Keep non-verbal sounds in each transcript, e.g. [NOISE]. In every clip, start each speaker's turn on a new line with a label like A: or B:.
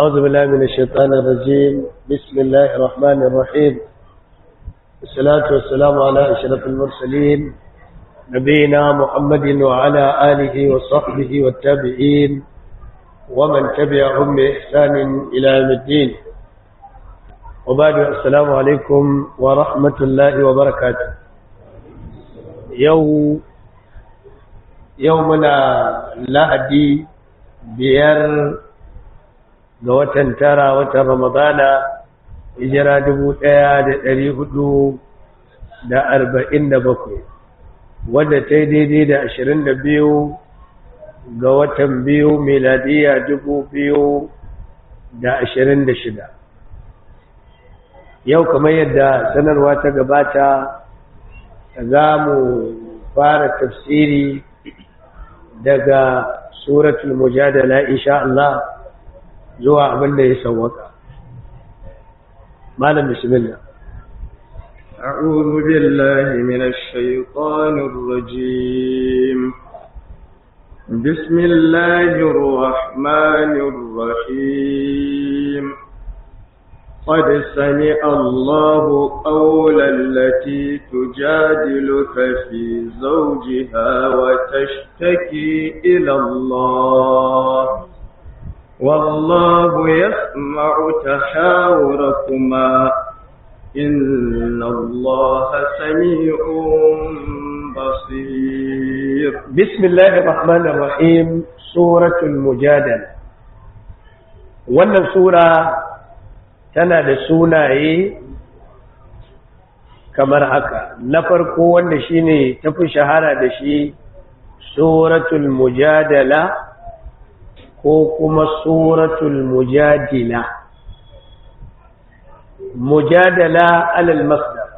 A: أعوذ بالله من الشيطان الرجيم بسم الله الرحمن الرحيم الصلاة والسلام على أشرف المرسلين نبينا محمد وعلى آله وصحبه والتابعين ومن تبعهم بإحسان إلى يوم الدين وبعد السلام عليكم ورحمة الله وبركاته يوم يومنا لهدي بير ga watan tara watan ramadana hijira dubu ɗaya da ɗari hudu da arba'in da bakwai wadda ta yi daidai da ashirin da biyu ga watan biyu meladiya dubu biyu da ashirin da shida yau kamar yadda sanarwa ta gabata za mu fara tafsiri daga suratul mujadala insha Allah zuwa abin da ya sawwaka malam bismillah
B: أعوذ بالله من الشيطان الرجيم بسم الله الرحمن الرحيم قد سمع الله قول التي تجادلك في زوجها وتشتكي إلى الله والله يسمع تحاوركما إن الله سميع بصير
A: بسم الله الرحمن الرحيم سورة المجادلة wannan sura tana da sunaye kamar haka na farko wanda shine tafi shahara da shi suratul mujadala ko kuma suratul mujadila mujadala alal masdar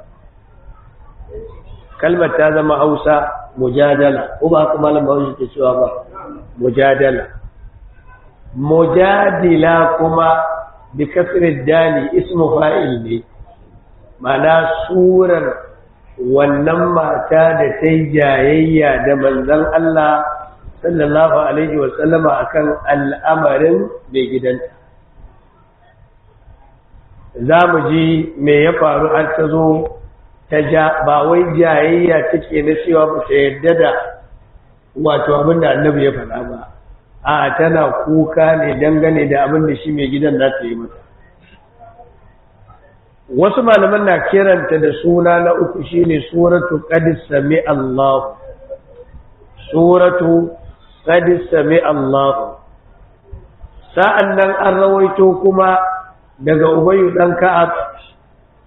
A: kalmar ta zama hausa mujadala ko ba kuma malam bahaushe ke cewa ba mujadala mujadila kuma bi kasrin dali ismu fa'il ne mana surar wannan mata da ta yi jayayya da manzon Allah sallallahu alaihi wa sallama akan al'amarin mai gidanta za mu ji me ya faru an ta zo ta ja ba wai jayayya take na cewa ba ta yarda da wato abin da annabi ya faɗa ba a tana kuka ne dangane da abin da shi mai gidan za ta yi mata wasu malaman na kiranta da suna na uku shine suratu qad sami Allah suratu قد سمع الله sa'annan an rawaito kuma daga ubayyu ɗan ka'ab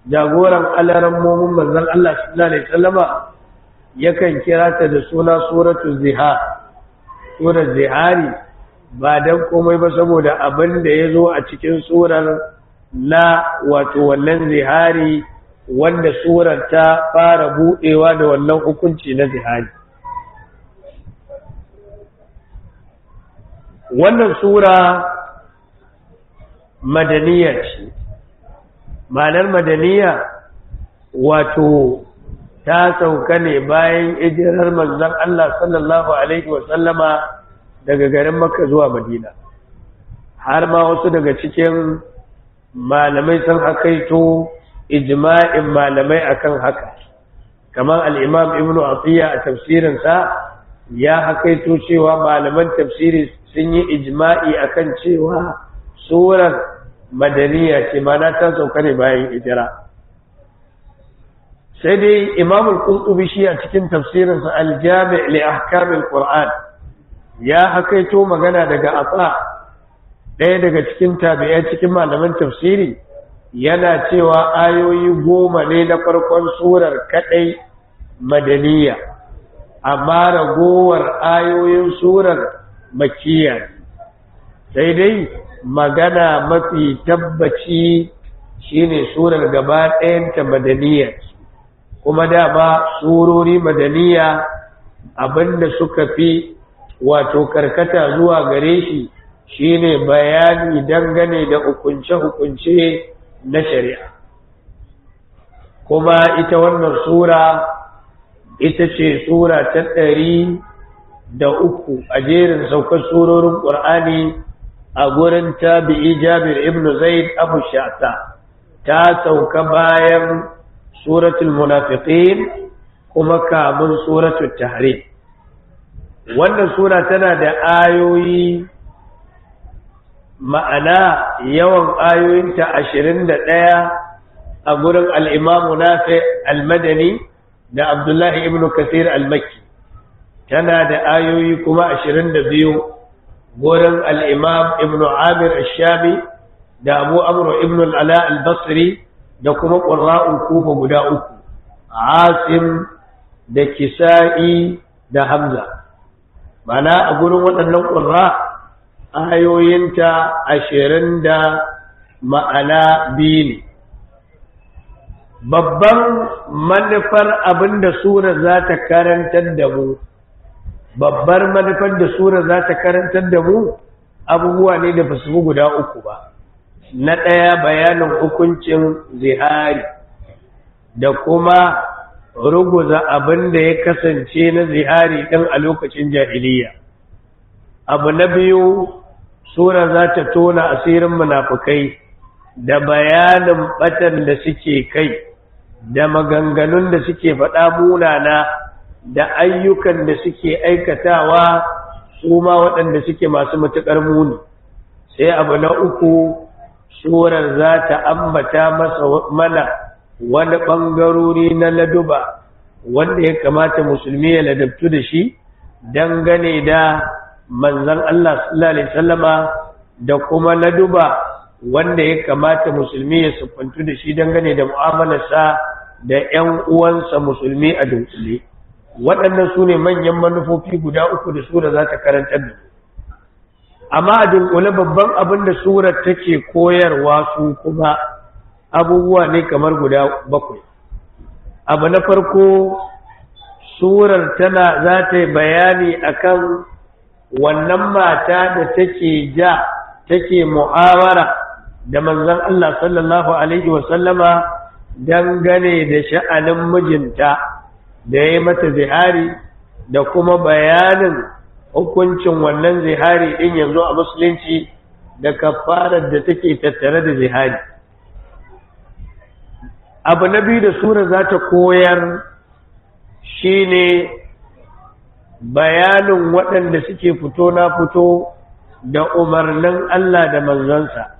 A: jagoran alaran momin manzon Allah sallallahu alaihi wasallama yakan kira ta da suna suratul ziha surar zihari ba dan komai ba saboda abin da ya zo a cikin surar na wato wannan zihari wanda surar ta fara buɗewa da wannan hukunci na zihari wannan sura madaniya ce ma'anar madaniya wato ta sauka ne bayan ijirar manzan Allah sallallahu Alaihi wasallama daga garin maka zuwa madina har ma wasu daga cikin malamai sun hakaito ijma'in malamai akan haka kamar al'imam ibn atiya a tafsirinsa ya hakaito cewa malaman tafsiri sun yi ijma'i akan cewa surar madaniya ce mana ta sauka ne bayan ijira sai dai imamul qurtubi shi a cikin tafsirinsa al-jami' li ahkamil qur'an ya hakaito magana daga asa ɗaya daga cikin tabiya cikin malaman tafsiri yana cewa ayoyi goma ne na farkon surar kaɗai madaniya amma ragowar ayoyin surar makiya sai dai magana mafi tabbaci shine surar gaba ɗayanta madaniya kuma dama surori madaniya abinda suka fi wato karkata zuwa gare shi shine bayani dangane da hukunce-hukunce na shari'a kuma ita wannan sura ita ce sura ta ɗari da uku a jerin saukar surorin ƙur'ani a gurin tabi'i jabir ibn zaid abu sha'ata ta sauka bayan suratul munafiqin kuma kamun suratul tare. wannan sura tana da ayoyi ma'ana yawan ayoyinta ashirin da ɗaya a gurin al'imamu nafi al-madani da abdullahi ibn kasir al-makki tana da ayoyi kuma 22 gurin al-imam ibn amir al-shabi da abu amru ibn al-ala al-basri da kuma qurra'ul kufa guda uku asim da kisa'i da hamza mana a gurin waɗannan qurra ayoyinta 20 da ma'ana biyu ne babban manufar abin da sura za ta karantar da mu babbar manufar da sura za ta karantar da mu abubuwa ne da basu guda uku ba na ɗaya bayanin hukuncin zihari da kuma ruguza abin da ya kasance na zihari ɗin a lokacin jahiliya abu na biyu sura za ta tona asirin munafukai da bayanin batan da suke kai da maganganun da suke faɗa munana da ayyukan da suke aikatawa su ma waɗanda suke masu matuƙar muni sai abu na uku surar za ta ambata masa mana wani ɓangarori na laduba wanda ya kamata musulmi ya ladabtu da shi dangane da manzan Allah sallallahu alaihi da kuma laduba wanda ya kamata musulmi ya sukuntu da shi dangane da mu'amalarsa da 'yan uwansa musulmi a dunkule waɗannan su ne manyan manufofi guda uku da sura za ta karanta da amma a dunkule babban abin da surar take koyarwa su kuma abubuwa ne kamar guda bakwai abu na farko surar tana za ta yi bayani akan wannan mata da take ja take mu'awara da manzon Allah sallallahu alaihi wasallama dangane da sha'anin mijinta da ya yi mata zihari da kuma bayanin hukuncin wannan zihari din yanzu a musulunci da kafarar da take tattare da zihari abu na biyu da sura za ta koyar shine bayanin waɗanda suke fito na fito da umarnin Allah da manzansa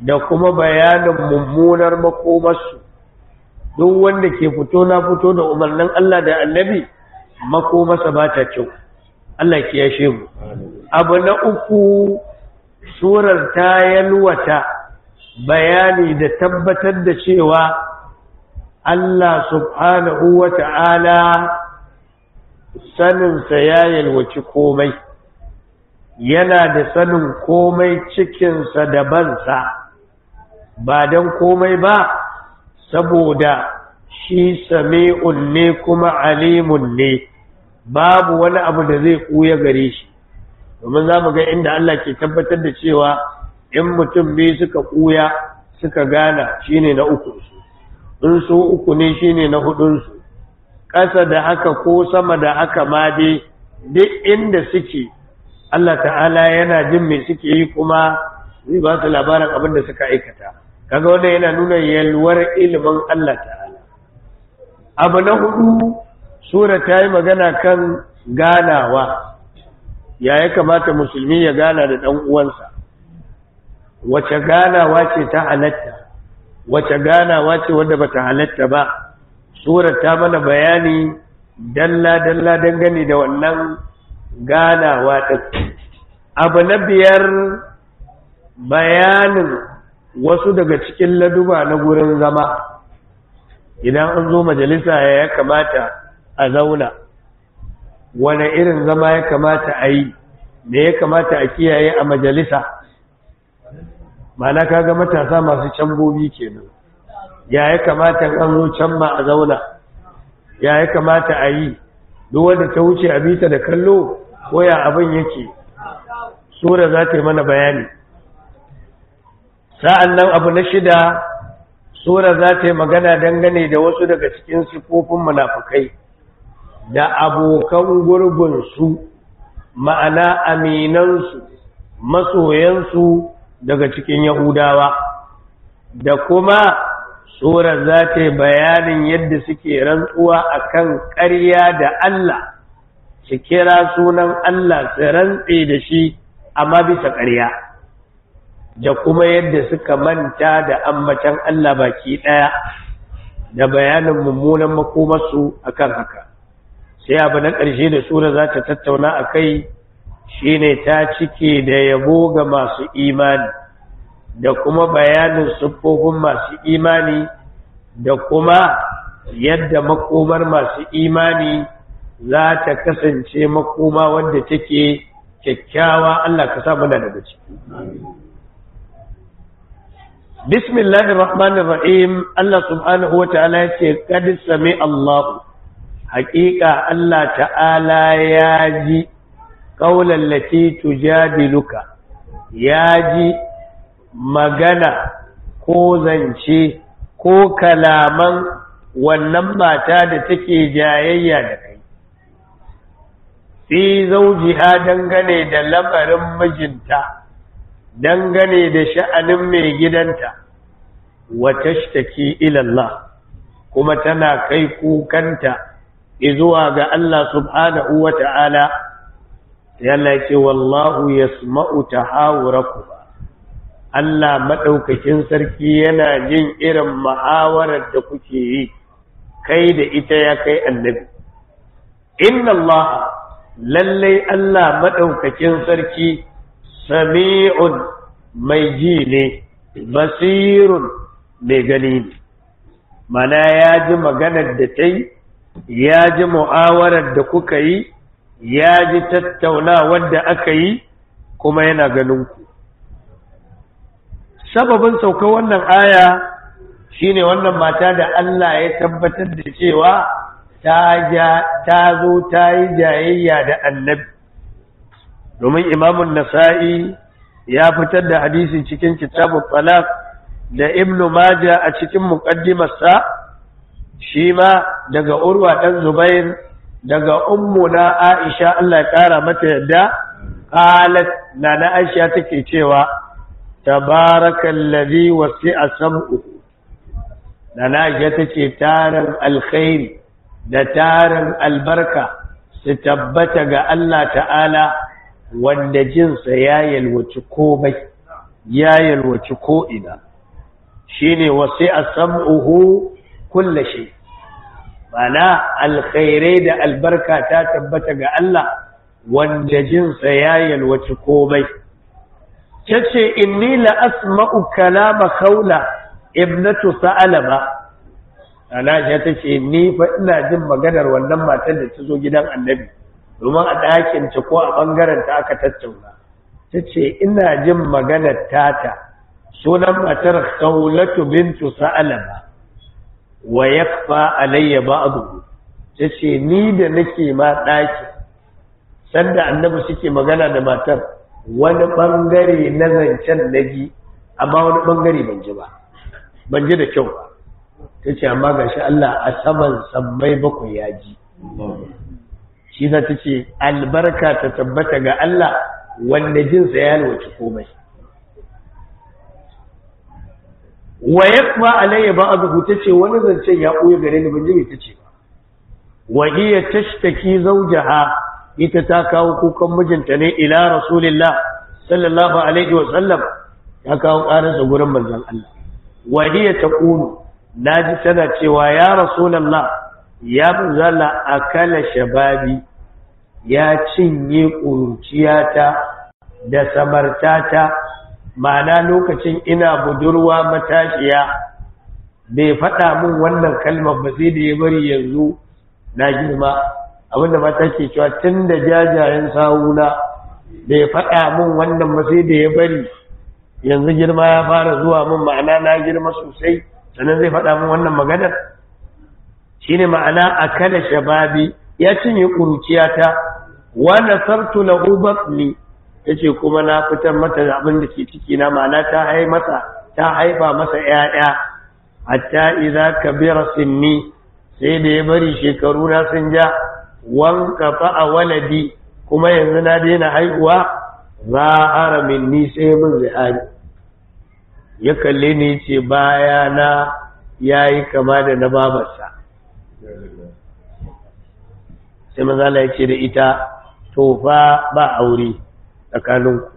A: da kuma bayanin mummunar makomarsu duk wanda ke fito na fito da umarnin Allah da annabi makomarsa ba ta kyau Allah ke yashe mu abu na uku surar ta yalwata bayani da tabbatar da cewa Allah subhanahu wa ta'ala saninsa ya yalwaci komai yana da sanin komai cikinsa da bansa ba don komai ba saboda shi sami'un ne kuma alimun ne babu wani abu da zai kuya gare shi domin za mu ga inda Allah ke tabbatar da cewa in mutum biyu suka kuya suka gana shine na uku su in su uku ne shine na hudunsu ƙasa da haka ko sama da haka ma dai duk inda suke Allah ta'ala yana jin me suke yi kuma zai ba su labarin abin da suka aikata kaga wannan yana nuna yalwar ilimin Allah ta'ala abu na hudu sura ta yi magana kan ganawa ya ya kamata musulmi ya gana da ɗan uwansa wace ganawa ce ta halatta wace ganawa ce wadda bata halatta ba sura ta mana bayani dalla dalla dangane da wannan ganawa ɗin abu na biyar bayanin wasu daga cikin laduba na gurin zama idan an zo majalisa ya kamata a zauna wane irin zama ya kamata a yi me ya kamata a kiyaye a majalisa mana kaga matasa masu cambobi kenan ya ya kamata an zo can ma a zauna ya ya kamata a yi duk wanda ta wuce a bita da kallo ko ya abin yake sura za ta yi mana bayani sa'an nan abu na shida sura za ta yi magana dangane da wasu daga cikin sifofin munafukai da abokan gurbinsu ma'ana aminansu masoyansu daga cikin yahudawa da kuma sura za ta yi bayanin yadda suke rantsuwa a kan ƙarya da Allah su kira sunan Allah su rantse da shi amma bisa ƙarya da kuma yadda suka manta da ambatan Allah baki ɗaya da bayanin mummunan makomarsu akan haka sai abu na ƙarshe da sura za ta tattauna a kai shi ne ta cike da yabo ga masu imani da kuma bayanin siffofin masu imani da kuma yadda makomar masu imani za ta kasance makoma wadda take kyakkyawa Allah ka sa muna daga ciki bismillahir rahmanir rahim Allah subhanahu wata'ala ya ce kad sami Allah haƙiƙa Allah ta'ala ya ji qaulan lati tujadiluka ya ji magana ko zance ko kalaman wannan mata da take jayayya da kai fi zaujiha dangane da lamarin mijinta dangane da sha'anin mai gidanta wa ta ila kuma tana kai kukanta izuwa ga Allah subhanahu wa ta'ala yana ce wallahu yasma'u tahawurakum Allah maɗaukakin sarki yana jin irin ma'awarar da kuke yi kai da ita ya kai annabi inna Allah lallai Allah maɗaukakin sarki sami'un mai ji ne basirun mai gani ne mana ya ji maganar da ta yi ya ji mu'awarar da kuka yi ya ji tattaunawar da aka yi kuma yana ganin ku sababin sauka wannan aya shi ne wannan mata da Allah ya tabbatar da cewa ta zo ta yi jayayya da annabi domin imamun nasa'i ya fitar da hadisi cikin kitabun talaq da ibn maja a cikin mukaddimarsa shi ma daga urwa ɗan zubair daga na aisha Allah ya kara mata yadda na na aisha take cewa tabarakallazi a sam'u Na aisha take tarin alkhairi da tarin albarka su tabbata ga Allah ta'ala wanda jinsa ya yalwaci komai ya yalwaci ko'ina shi ne wasu a sam'uhu shi mana alkhairai da albarka ta tabbata ga Allah wanda jinsa ya yalwaci komai ta ce inni la'asma'u kalama kaula ibnatu sa'alaba ana ta ce ni fa ina jin maganar wannan matar da ta zo gidan annabi domin a ɗakinta ko a ɓangaren ta aka tattauna ta ce ina jin maganar tata sunan matar Sa'ulatu bintu sa'alaba wa ya yakfa alayya ba'du ta ce ni da nake ma ɗaki sanda annabi suke magana da matar wani ɓangare na zancen na ji amma wani ɓangare ban ji ba ban ji da kyau ba ta ce amma shi Allah a saman sammai bakwai ya ji shi za ta ce albarka ta tabbata ga Allah wanda jinsa ya halwaci komai wa kuma alayya ta ce, wani zancen ya ɓoye gare ni ban ta ce wa iya tashtaki ha ita ta kawo kukan mijinta ne ila rasulillah sallallahu alaihi wa sallam ta kawo karansa gurin manzon Allah wa hiya na ji tana cewa ya rasulullah ya zala kala shababi ya cinye ƙuruciyata da samartata ma'ana lokacin ina budurwa matashiya bai faɗa min wannan kalmar ba sai da ya bari yanzu na girma abinda mata ke cewa tun da jajayen sawuna bai faɗa min wannan ba sai da ya bari yanzu girma ya fara zuwa min ma'ana na girma sosai sannan zai faɗa min wannan maganar shine ma'ana akala shababi ya cinye kuruciyata wa nasartu lahu batni yace kuma na fitar mata abin da ke ciki na ma'ana ta hai masa ta haifa masa 'ya'ya. hatta idza kabira sinni sai da ya bari shekaru na sun ja wanka a waladi kuma yanzu na daina haihuwa za'ara minni sai mun zai ya kalle ni ce baya na yayi kama da na babarsa sai manzala ya ce da ita to fa ba aure tsakaninku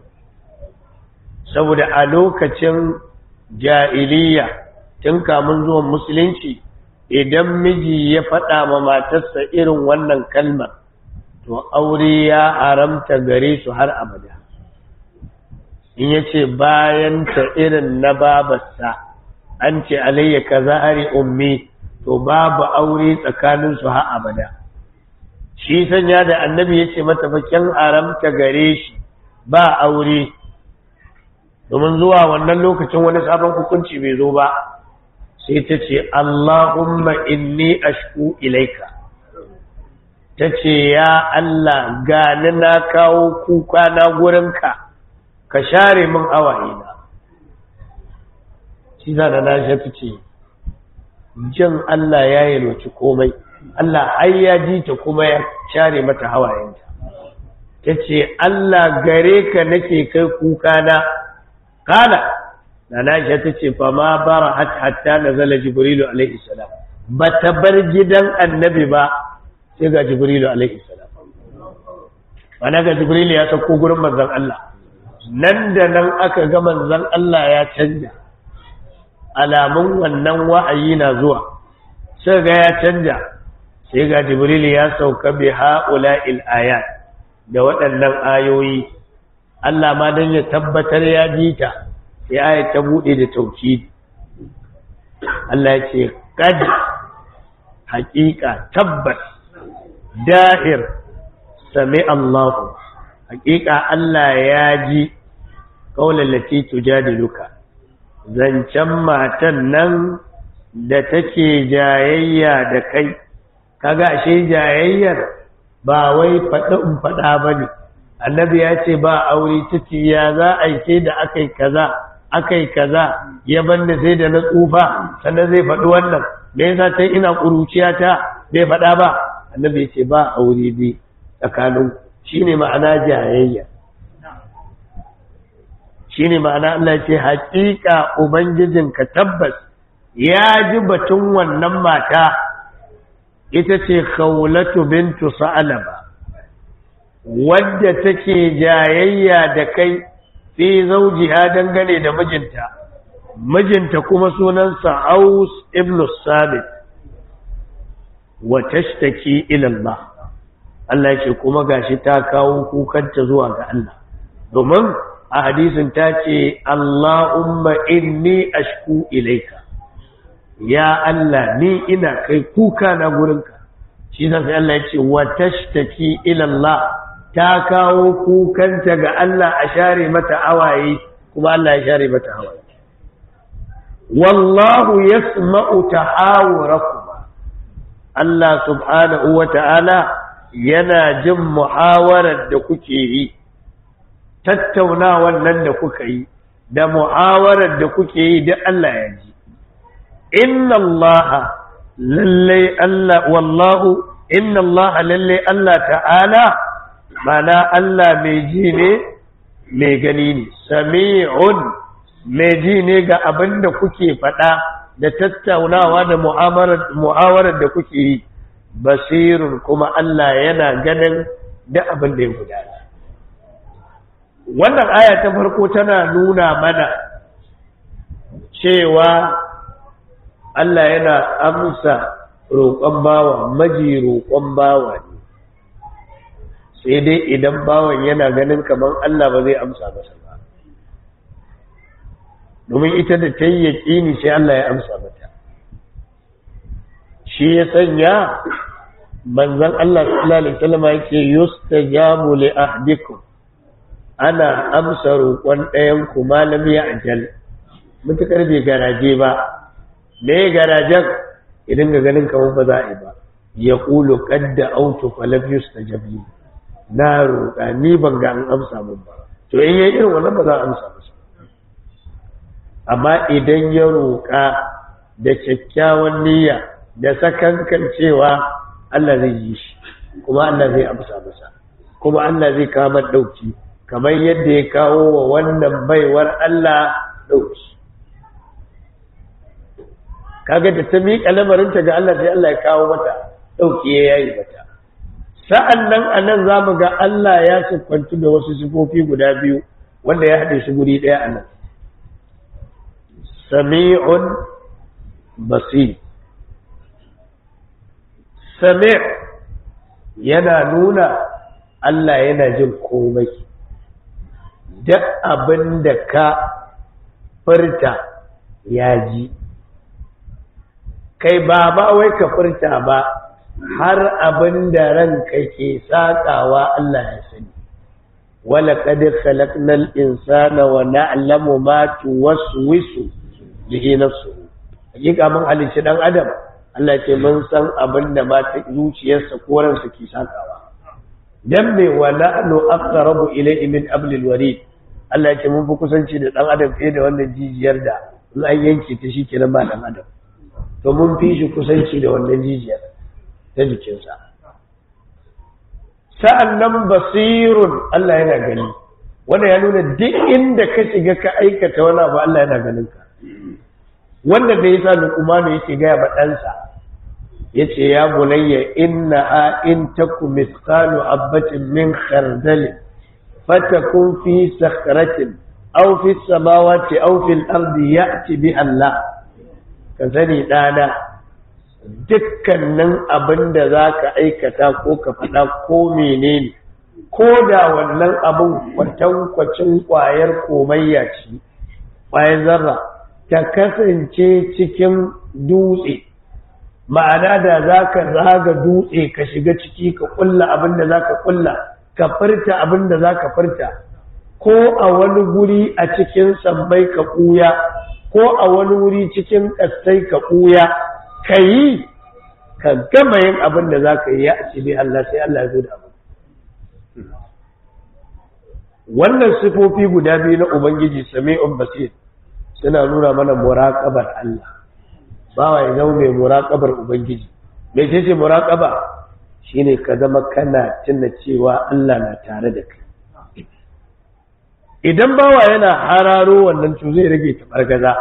A: saboda a lokacin jahiliya tun kamun zuwan musulunci idan miji ya faɗa ma matarsa irin wannan kalmar to aure ya aramta gare su har abada in ya ce bayan ta irin na babarsa an ce alayya ka za'ari ummi to babu aure tsakaninsu har abada shi sanya da annabi ya ce mata fakin haramta gare shi ba aure domin zuwa wannan lokacin wani sabon hukunci bai zo ba sai ta ce Allahumma inni ashku ilaika ta ce ya Allah gani na kawo kuka na gurinka ka share min na shi zana na shafi ce jin Allah ya yalwaci komai Allah ai ya ji ta kuma ya share mata hawayenta ta ce Allah gare ka nake kai kuka na kana na Aisha ta ce fa ma bara hatta zala jibrilu alaihi salam ba ta bar gidan annabi ba sai ga jibrilu alaihi salam ga jibrilu ya sauko gurin manzon Allah nan da nan aka ga manzon Allah ya canja alamun wannan wa'ayi na zuwa sai ga ya canja sai ga jibril ya sauka bi haula il ayat da waɗannan ayoyi Allah ma dan ya tabbatar ya ji sai ayat ta bude da tauhid Allah ya ce kad haqiqa tabbat, dahir, sami Allah haqiqa Allah ya ji kaulan lati tujadiluka zancen matan nan da take jayayya da kai kaga ashe jayayyar ba wai faɗi in faɗa ba ne annabi ya ce ba aure ta ce ya za a yi sai da aka kaza Akai kaza ya banne sai da na tsufa sannan zai faɗi wannan me yasa ta ina ƙuruciya ta bai faɗa ba annabi ya ce ba aure bi tsakanin shine ma'ana jayayya shine ma'ana Allah ya ce haƙiƙa ubangijinka tabbas ya ji batun wannan mata ita ce khawlatu bintu sa'alaba wadda take jayayya da kai fi zaujiha dangane da mijinta mijinta kuma sunansa aus ibnu sabit wa tashtaki ila Allah Allah yake kuma gashi ta kawo kukanta zuwa ga Allah domin a hadisin ta ce Allahumma inni ashku ilaika ya Allah ni ina kai kuka na gurinka shi yasa sai Allah ya ce wa tashtaki ila Allah ta kawo kukanta ga Allah a share mata awaye kuma Allah ya share mata awaye wallahu yasma'u tahawurakum Allah subhanahu wa ta'ala yana jin muhawarar da kuke yi tattaunawar nan da kuka yi da muhawarar da kuke yi duk Allah ya ji inna allaha lallai Allah wallahu inna allaha lallai Allah ta'ala mana Allah mai ji ne mai gani ne sami'un mai ji ne ga abin da kuke faɗa da tattaunawa da mu'awarar da kuke yi basirun kuma Allah yana ganin da abin da ya gudana wannan aya ta farko tana nuna mana cewa Allah yana amsa roƙon bawa maji roƙon bawa ne sai dai idan bawan yana ganin kamar Allah ba zai amsa masa ba domin ita da ta yi yaƙini sai Allah ya amsa mata shi ya sanya manzan Allah sallallahu alaihi wasallam yake yustajabu li ahdikum ana amsa roƙon ɗayan ku malam ya ajal mutukar bai garaje ba me garajen idan ga ganin kamar ba za a yi ba ya ƙulu ƙadda auto falafius ta jabi na roƙa ni ban ga an amsa min ba to in yi irin wannan ba za a amsa masa amma idan ya roƙa da kyakkyawan niyya da sakankan cewa Allah zai yi shi kuma Allah zai amsa masa kuma Allah zai kama ɗauki kamar yadda ya kawo wa wannan baiwar Allah ɗauki kaga da ta miƙa lamarin ta ga Allah sai Allah ya kawo mata dauki ya yayi mata sa'an nan a nan za mu ga Allah ya siffantu da wasu sifofi guda biyu wanda ya hade su guri ɗaya anan sami'un basir sami' yana nuna Allah yana jin komai duk abinda ka furta ya ji kai ba ba wai ka furta ba har abin da ranka ke sakawa Allah ya sani wala qad khalaqnal insana wa na'lamu ma tuwaswisu bihi nafsuhu hakika mun halice dan adam Allah ce mun san abin da ba ta zuciyarsa ko ransa ke sakawa dan me wala anu aqrabu ilayhi min ablil warid Allah ya ce mun fi kusanci da dan adam fiye da wannan jijiyar da in an yanke ta shi kenan ba dan adam to mun fi shi kusanci da wannan jijiyar ta jikinsa sa'an nan basirun Allah yana gani wanda ya nuna duk inda ka shiga ka aikata wani abu Allah yana ganin ka wanda da yasa luqmanu yake gaya ba ɗansa yace ya bunayya inna a in taku mithqalu abbacin min fata kun fi sakhratin aw fi samawati aw fil ardi ci bi Allah ka zani ɗana dukkanin abin da za ka aikata ko ka faɗa ko menene ko da wannan abin kwatankwacin ƙwayar komayya ce ƙwayar zarra ta kasance cikin dutse ma'ana da za ka zaga dutse ka shiga ciki ka ƙulla abin da za ka ƙulla, ka furta abin da za ka furta ko a wani guri a cikin sabbai ka ɓuya ko a wani wuri cikin ƙasai ka ɓuya ka yi ka gama yin abin da za ka yi ya bi Allah sai Allah ya zo da abin. wannan sifofi guda biyu na ubangiji sami'un basir suna nuna mana muraƙabar Allah bawa ya zama mai muraƙabar ubangiji mai ce ce muraƙaba ne ka zama kana tuna cewa Allah na tare da kai idan bawa yana hararo wannan to zai rage tabargaza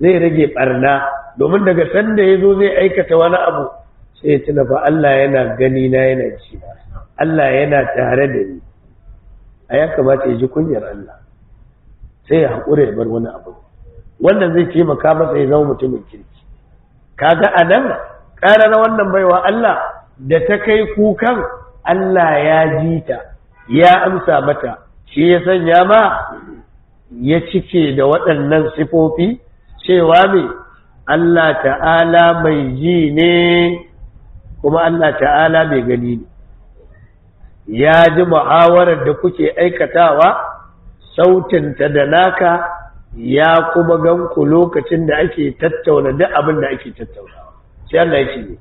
A: zai rage barna domin daga sanda ya zo zai aikata wani abu sai ya tuna fa Allah yana gani na yana ji Allah yana tare da ni a ya kamata ya ji kunyar Allah sai ya haƙura ya bar wani abu wannan zai taimaka masa ya zama mutumin kirki kaga a nan ƙarar wannan baiwa Allah da ta kai kukan Allah ya ji ta ya amsa mata shi ya sanya ma ya cike da waɗannan sifofi cewa mai Allah ta'ala mai ji ne kuma Allah ta'ala mai gani ne ya ji muhawarar da kuke aikatawa sautinta da naka ya kuma gan ku lokacin da ake tattauna duk abin da ake tattauna
B: shi Allah ya ne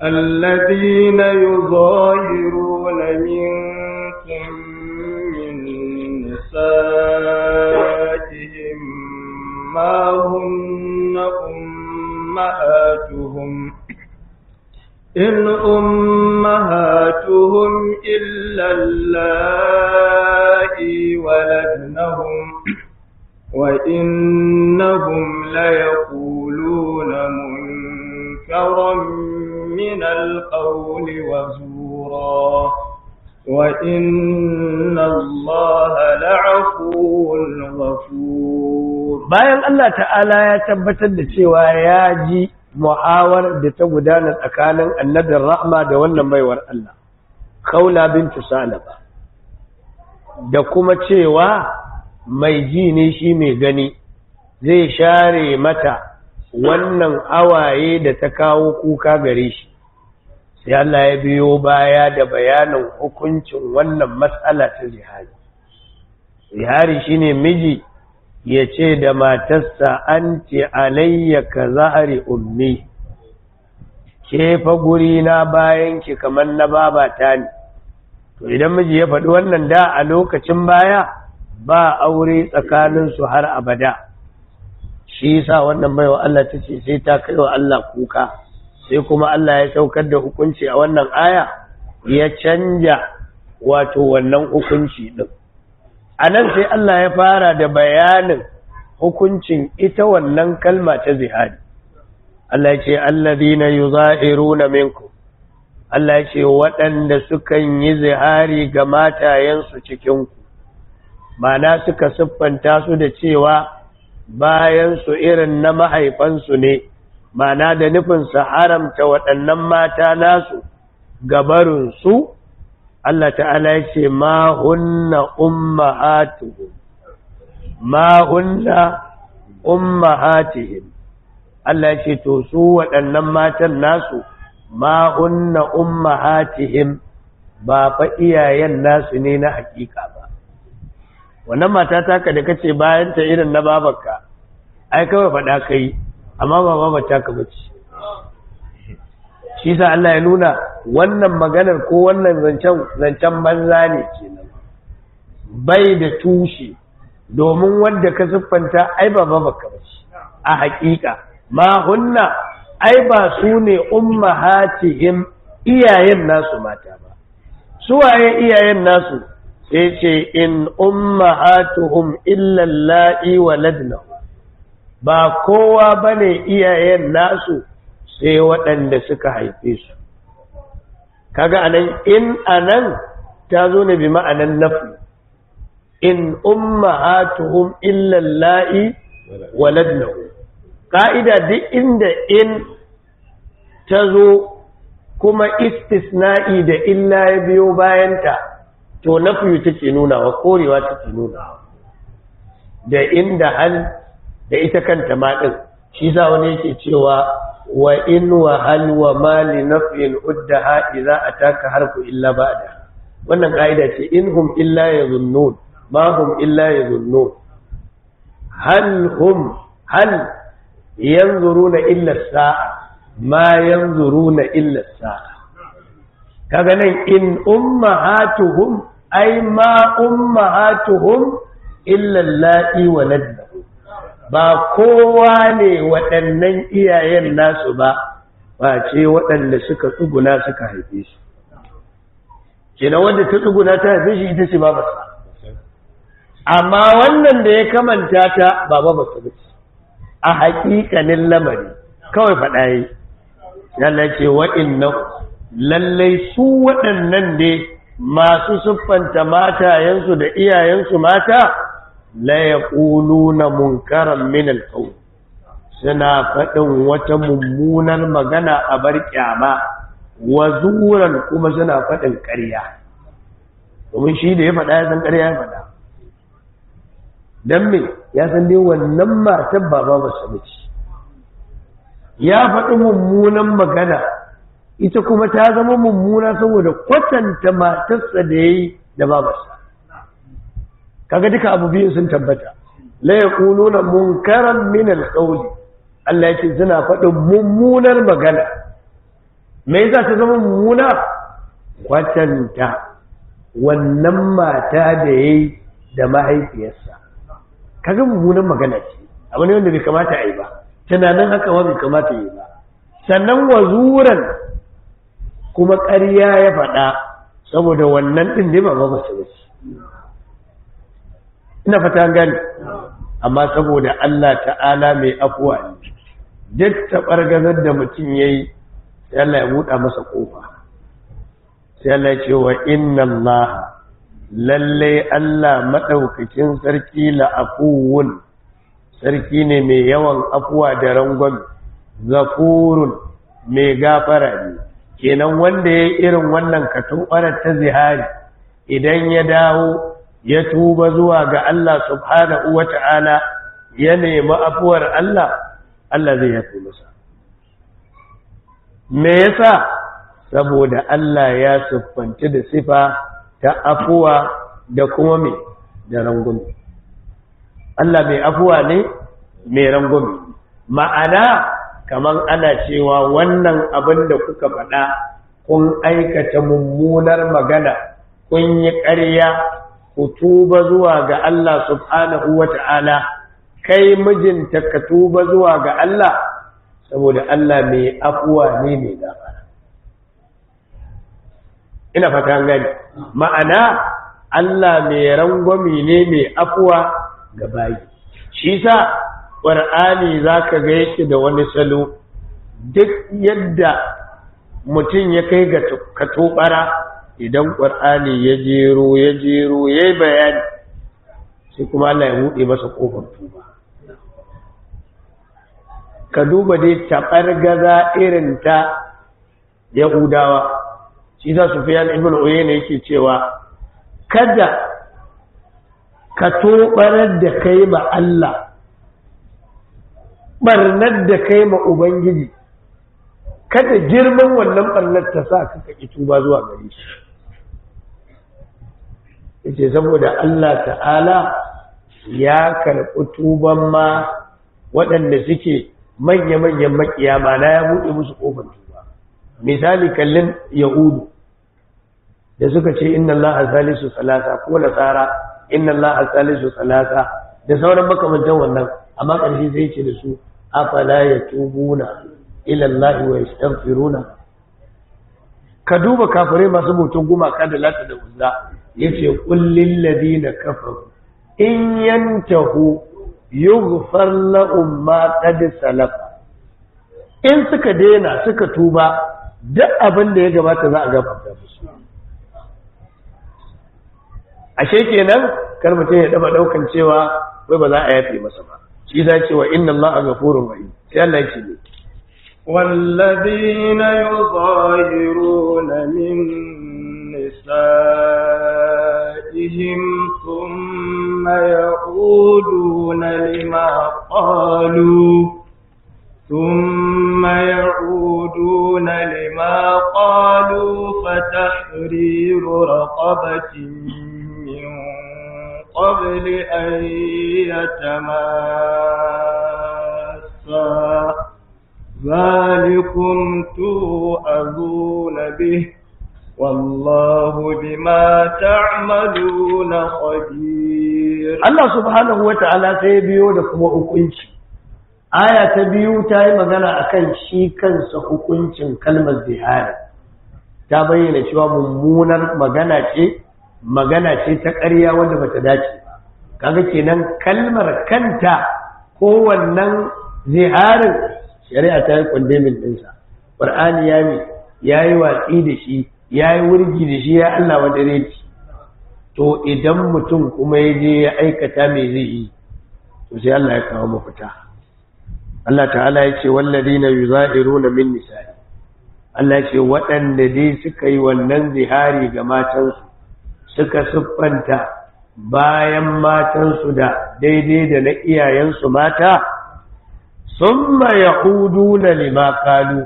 B: الذين يظاهرون منكم نسائهم ما هن أمهاتهم إن أمهاتهم إلا الله ولدنهم وإنهم ليقولون منكرا من القول وزورا وإن الله لعفو غفور
A: bayan Allah ta'ala ya tabbatar da cewa ya ji mu'awar da ta gudana tsakanin annabin rahma da wannan baiwar Allah kaula bintu salaba da kuma cewa mai ji ne shi mai gani zai share mata wannan awaye da ta kawo kuka gare shi sai Allah ya biyo baya da bayanin hukuncin wannan matsala ta zihari zihari ne miji ya ce da matarsa an ce alayya ka zahari ummi ke fa guri na bayan ki kamar na babata ne to idan miji ya faɗi wannan da a lokacin baya ba aure tsakaninsu har abada shi sa wannan baiwa Allah ta ce sai ta kai wa Allah kuka sai kuma Allah ya saukar da hukunci a wannan aya ya canja wato wannan hukunci din anan sai Allah ya fara da bayanin hukuncin ita wannan kalma ta zihari Allah ya ce allazina yuzahiruna minkum Allah ya ce waɗanda sukan yi zihari ga matayensu cikinku, mana suka siffanta su da cewa bayansu irin na mahaifansu ne, Ma'ana da nufin su haramta waɗannan mata nasu gabarinsu Allah ta'ala ya ce ma hunna ummahatuhum ma hunna ummahatihim Allah ya ce to su waɗannan matan nasu ma hunna ummahatihim ba fa iyayen nasu ne na hakika ba wannan mata taka da kace bayanta irin na babarka ai kawai faɗa kai amma ba ba mata ka bace shi sa Allah ya nuna wannan maganar ko wannan zancen zancen banza ne kenan bai da tushe domin wanda ka siffanta ai ba ba baka bace a haƙiƙa ma hunna ai ba su ne ummahatihim iyayen nasu mata ba suwaye iyayen nasu sai ce in ummahatuhum illa la'i waladnahu ba kowa bane iyayen nasu sai waɗanda suka haife su kaga anan in anan ta zo ne bi ma'anan nafi in ummahatuhum illa allahi waladnahu ka'ida duk inda in ta zo kuma istisna'i da illa ya biyo bayanta to nafi take nuna wa korewa take nuna da inda hal da ita kanta ma din shi sa wani yake cewa wa in wa hal wa ma li nafin uddaha idza ataka harfu illa ba'da wannan kaida ce in hum illa yazunnun ma hum illa yazunnun hal hum hal yanzuruna illa sa'a ma yanzuruna illa sa'a kaga nan in ummahatuhum ay ma ummahatuhum illa allati waladna ba kowa ne waɗannan iyayen nasu ba ba ce waɗanda suka tsuguna suka haife shi kina wanda ta tsuguna ta haife shi ita ce babarsa amma wannan da ya kamanta ta ba ba ba a haƙiƙanin lamari kawai faɗa yi yana ce wa'innan lallai su waɗannan ne masu siffanta matayensu da iyayensu mata la na munkaran min alqawl suna faɗin wata mummunar magana a bar ƙyama wa zuran kuma suna faɗin ƙarya domin shi da ya faɗa ya san ƙarya ya faɗa don me ya san dai wannan matar baba ba su ya faɗi mummunan magana ita kuma ta zama mummuna saboda kwatanta matarsa da ya yi da babarsa kaga duka abu biyu sun tabbata la yaquluna munkaran min alqawli Allah yake suna faɗin mummunar magana me yasa ta zama mummuna kwatanta wannan mata da yayi da mahaifiyarsa kaga mummunar magana ce abu ne wanda bai kamata a yi ba tunanin haka wani kamata yi ba sannan wazuran kuma ƙarya ya faɗa saboda wannan ɗin ne ba ba su
C: ba
A: ina fata gani amma saboda Allah ta'ala mai afuwa ne duk taɓargazar da mutum ya yi sai Allah ya buɗa masa ƙofa sai Allah ya ce wa inna Allah lallai Allah maɗaukakin sarki afuwun sarki ne mai yawan afuwa da rangon zakurun mai gafara ne kenan wanda ya yi irin wannan katobarar ta zihari idan ya dawo ya tuba zuwa ga Allah subhanahu wa ta'ala ya nemi afuwar Allah Allah zai yafi masa me yasa saboda Allah ya siffanci da sifa ta afuwa da kuma me da rangumi Allah mai afuwa ne mai rangumi ma'ana kamar ana cewa wannan abin da kuka faɗa kun aikata mummunar magana kun yi ƙarya ku tuba zuwa ga Allah subhanahu wa ta'ala kai mijinta ka tuba zuwa ga Allah saboda Allah mai afuwa ne mai gafara ina fata gani ma'ana Allah mai rangwami ne mai afuwa ga bayi shi sa ƙwar'ani za ka ga yake da wani salo duk yadda mutum ya kai ga katobara idan ƙwar'ani ya jero ya jero ya yi bayani sai kuma Allah ya buɗe masa ƙofar tuba ka duba dai gaza irin ta yahudawa shi za su fiye ibn uyena yake cewa kada ka tobarar da kai ma Allah barnar da kai ma Ubangiji kada girman wannan barnar ta sa ka kaki tuba zuwa gare shi yace saboda Allah ta'ala ya karɓi tuban ma waɗanda suke manya-manyan makiya ma na ya buɗe musu ƙofar tuba misali kallin yahudu da suka ce inna Allah salisu salasa ko nasara inna Allah salisu salasa da sauran makamantan wannan amma ƙarshe sai ce da su afala yatubuna ila Allah wa yastaghfiruna ka duba kafirai masu mutum gumaka da lata da uzza yace kullil ladina kafaru in yantahu yughfar lahum ma qad salaf in suka daina suka tuba duk abin da ya gabata za a gafarta musu ashe kenan kar mutum ya daba daukan cewa wai ba za a yafe masa ba shi za ce wa inna allaha ghafurur rahim sai Allah ya ce
B: والذين يظاهرون من نسائهم ثم يعودون لما قالوا ثم يعودون لما قالوا فتحرير رقبة قبل أن يتماسا ذلكم توعظون به Wallahu والله بما تعملون خبير الله
A: سبحانه وتعالى biyo da kuma hukunci aya ta biyu ta yi magana akan shi kansa hukuncin kalmar zihari ta bayyana cewa mummunar magana ce magana ce ta ƙarya wanda bata dace kaga kenan kalmar kanta ko wannan ziharin shari'a ta yi kwandemin ɗinsa ƙur'ani ya ya yi watsi da shi ya yi wurgi da shi ya Allah wa reti to idan mutum kuma ya je ya aikata mai zai yi to sai Allah ya kawo mafita Allah ta'ala ya ce na wallazina na min nisari Allah ya ce waɗanda dai suka yi wannan zihari ga matansu suka siffanta bayan matansu da daidai da na iyayensu mata sun summa hudu lima qalu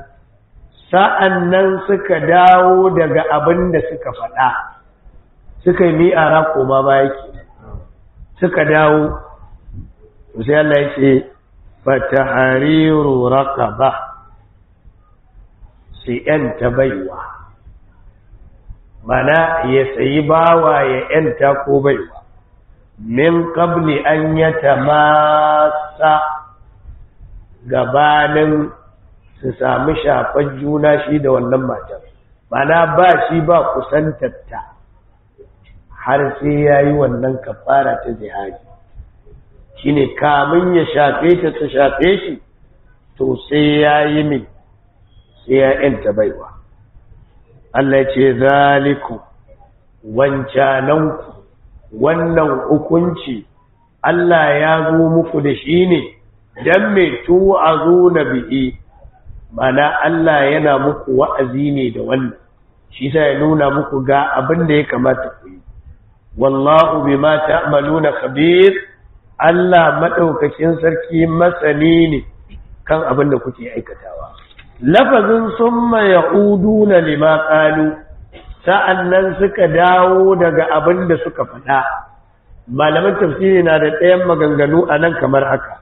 A: sa'an nan suka dawo daga abin da suka faɗa suka yi mi'ara ma ba yake suka dawo sai Allah ya ce hariru raka ba su ‘yanta baiwa mana ya sayi bawa ya ‘yanta ko baiwa min kabli an yata masa gabanin su sami shafan juna shi da wannan matar mana ba shi ba kusantarta har sai ya yi wannan kafara ta zihari shi ne kamun ya shafe ta ta shafe shi to sai ya yi mai sai ya yanta baiwa Allah ce zaliku wancananku wannan hukunci Allah ya zo muku da shi ne don mai tuwa a zo na bi'i mana Allah yana muku wa'azi ne da wannan shi sai ya nuna muku ga abin da ya kamata ku yi wallahu bima ta'maluna khabir Allah madaukakin sarki masani ne kan abin da kuke aikatawa lafazin summa na lima Sa'an nan suka dawo daga abin da suka faɗa malaman tafsiri na da ɗayan maganganu a nan kamar haka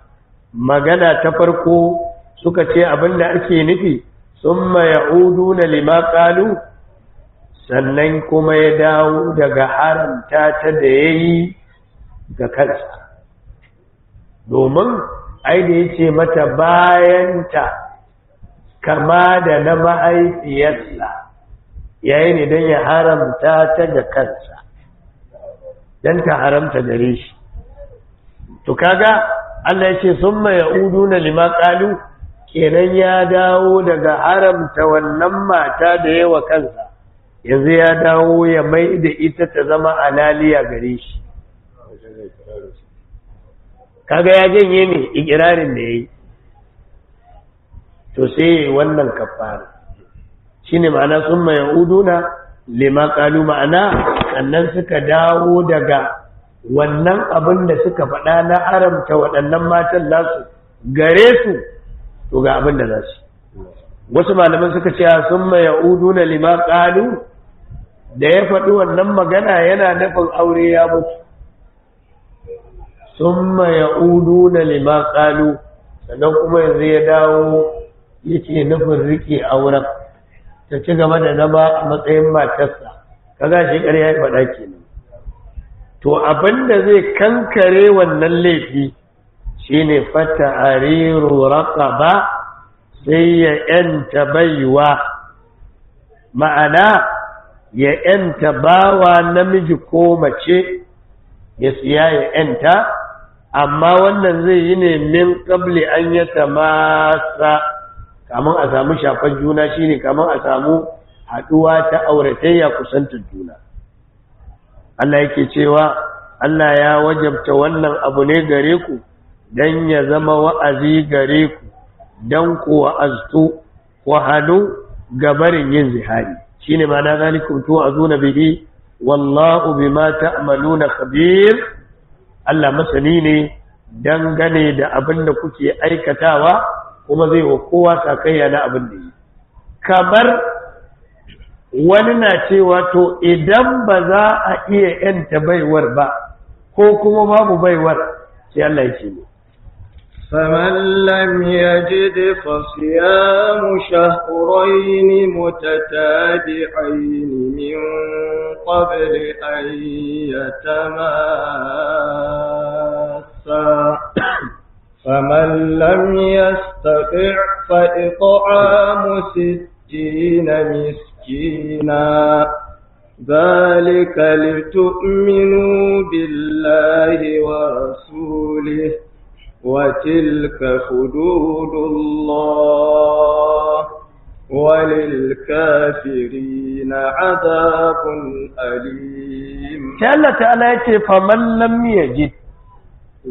A: magana ta farko suka ce abin da ake nufi sun maya udu na limaƙalu, sannan kuma ya dawo daga haramta ta da ya yi ga kansa domin aida da ce mata bayanta kama da na mahaifiyarsa yayi ne don ya haramta ta da kansa don ta haramta gare shi to kaga Allah ya ce sun ma udu na limaƙalu. kenan ya dawo daga haramta wannan mata da yawa kansa yanzu ya dawo ya mai da ita ta zama alaliya gare shi kaga ya janye ne ikirarin da ya yi to sai wannan kafara shi ne ma'ana sun mai uduna lima kalu ma'ana sannan suka dawo daga wannan abin da suka faɗa na haramta waɗannan matan nasu gare su to ga abin da za su wasu malaman suka ce ah, sun mai na lima qalu da ya faɗi wannan magana yana nufin aure ya mutu sun mai na lima qalu sannan kuma yanzu ya dawo yake nufin riƙe auren ta ci gaba da na a matsayin matarsa ga shi ƙarya ya faɗa kenan to abinda zai kankare wannan laifi Shi shine fata ariru raqaba sai ya yanta baiwa ma'ana ya yanta bawa namiji ko mace ya siya ya yanta amma wannan zai yi ne min qabli an masa kamar a samu shafar juna shi ne kamar a samu haɗuwa ta auratayya kusantar juna Allah yake cewa Allah ya wajabta wannan abu ne gare ku dan ya zama wa'azi gare ku dan ku wa'aztu wa ga barin yin zihari shine ma na zalikum tu azuna bihi wallahu bima ta'maluna khabir Allah masani ne dangane da abin da kuke aikatawa kuma zai wa kowa sakayya na abin da yi kamar wani na cewa to idan ba za a iya yanta baiwar ba ko kuma babu baiwar sai Allah ya ce ne فمن
B: لم يجد فصيام شهرين متتابعين من قبل أن يتماسا فمن لم يستطع فإطعام ستين مسكينا ذلك لتؤمنوا بالله ورسوله وتلك حدود الله وللكافرين عذاب أليم تعالى
A: تعالى فمن لم يجد